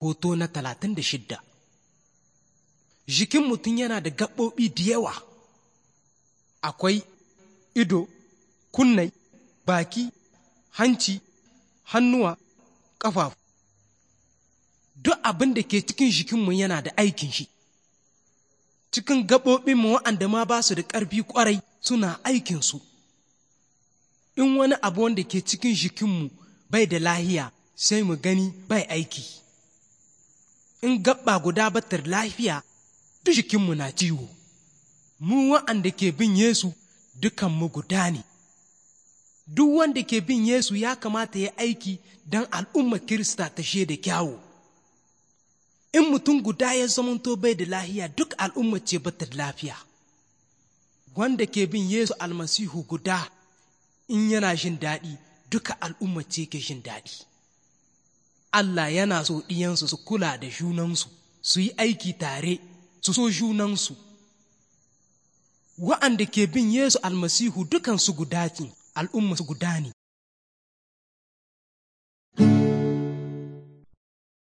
hoto na talatin da shidda jikin mutum yana da gaɓoɓi da yawa akwai ido kunnai baki hanci hannuwa ƙafafu duk abin da ke cikin jikinmu yana da aikin shi cikin gaɓoɓinmu waɗanda ma ba su da ƙarfi ƙwarai suna aikinsu in wani abu wanda ke cikin jikinmu bai da lahiya sai mu gani bai aiki in gaɓa guda batar lafiya duk jikinmu na ciwo mu wa'anda ke bin Yesu mu guda ne duk wanda ke bin Yesu ya kamata ya aiki don al'umma Kirista ta da kyawu in mutum guda ya zamanto bai da lahiya duk al'umma ce batar lafiya wanda ke bin Yesu almasihu guda in yana jin daɗi duka al'umma ce ke jin daɗi Allah yana so ɗiyansu su kula da junansu su yi aiki tare su so junansu wa'anda ke bin Yesu almasihu dukansu guda ce al'umma su guda ne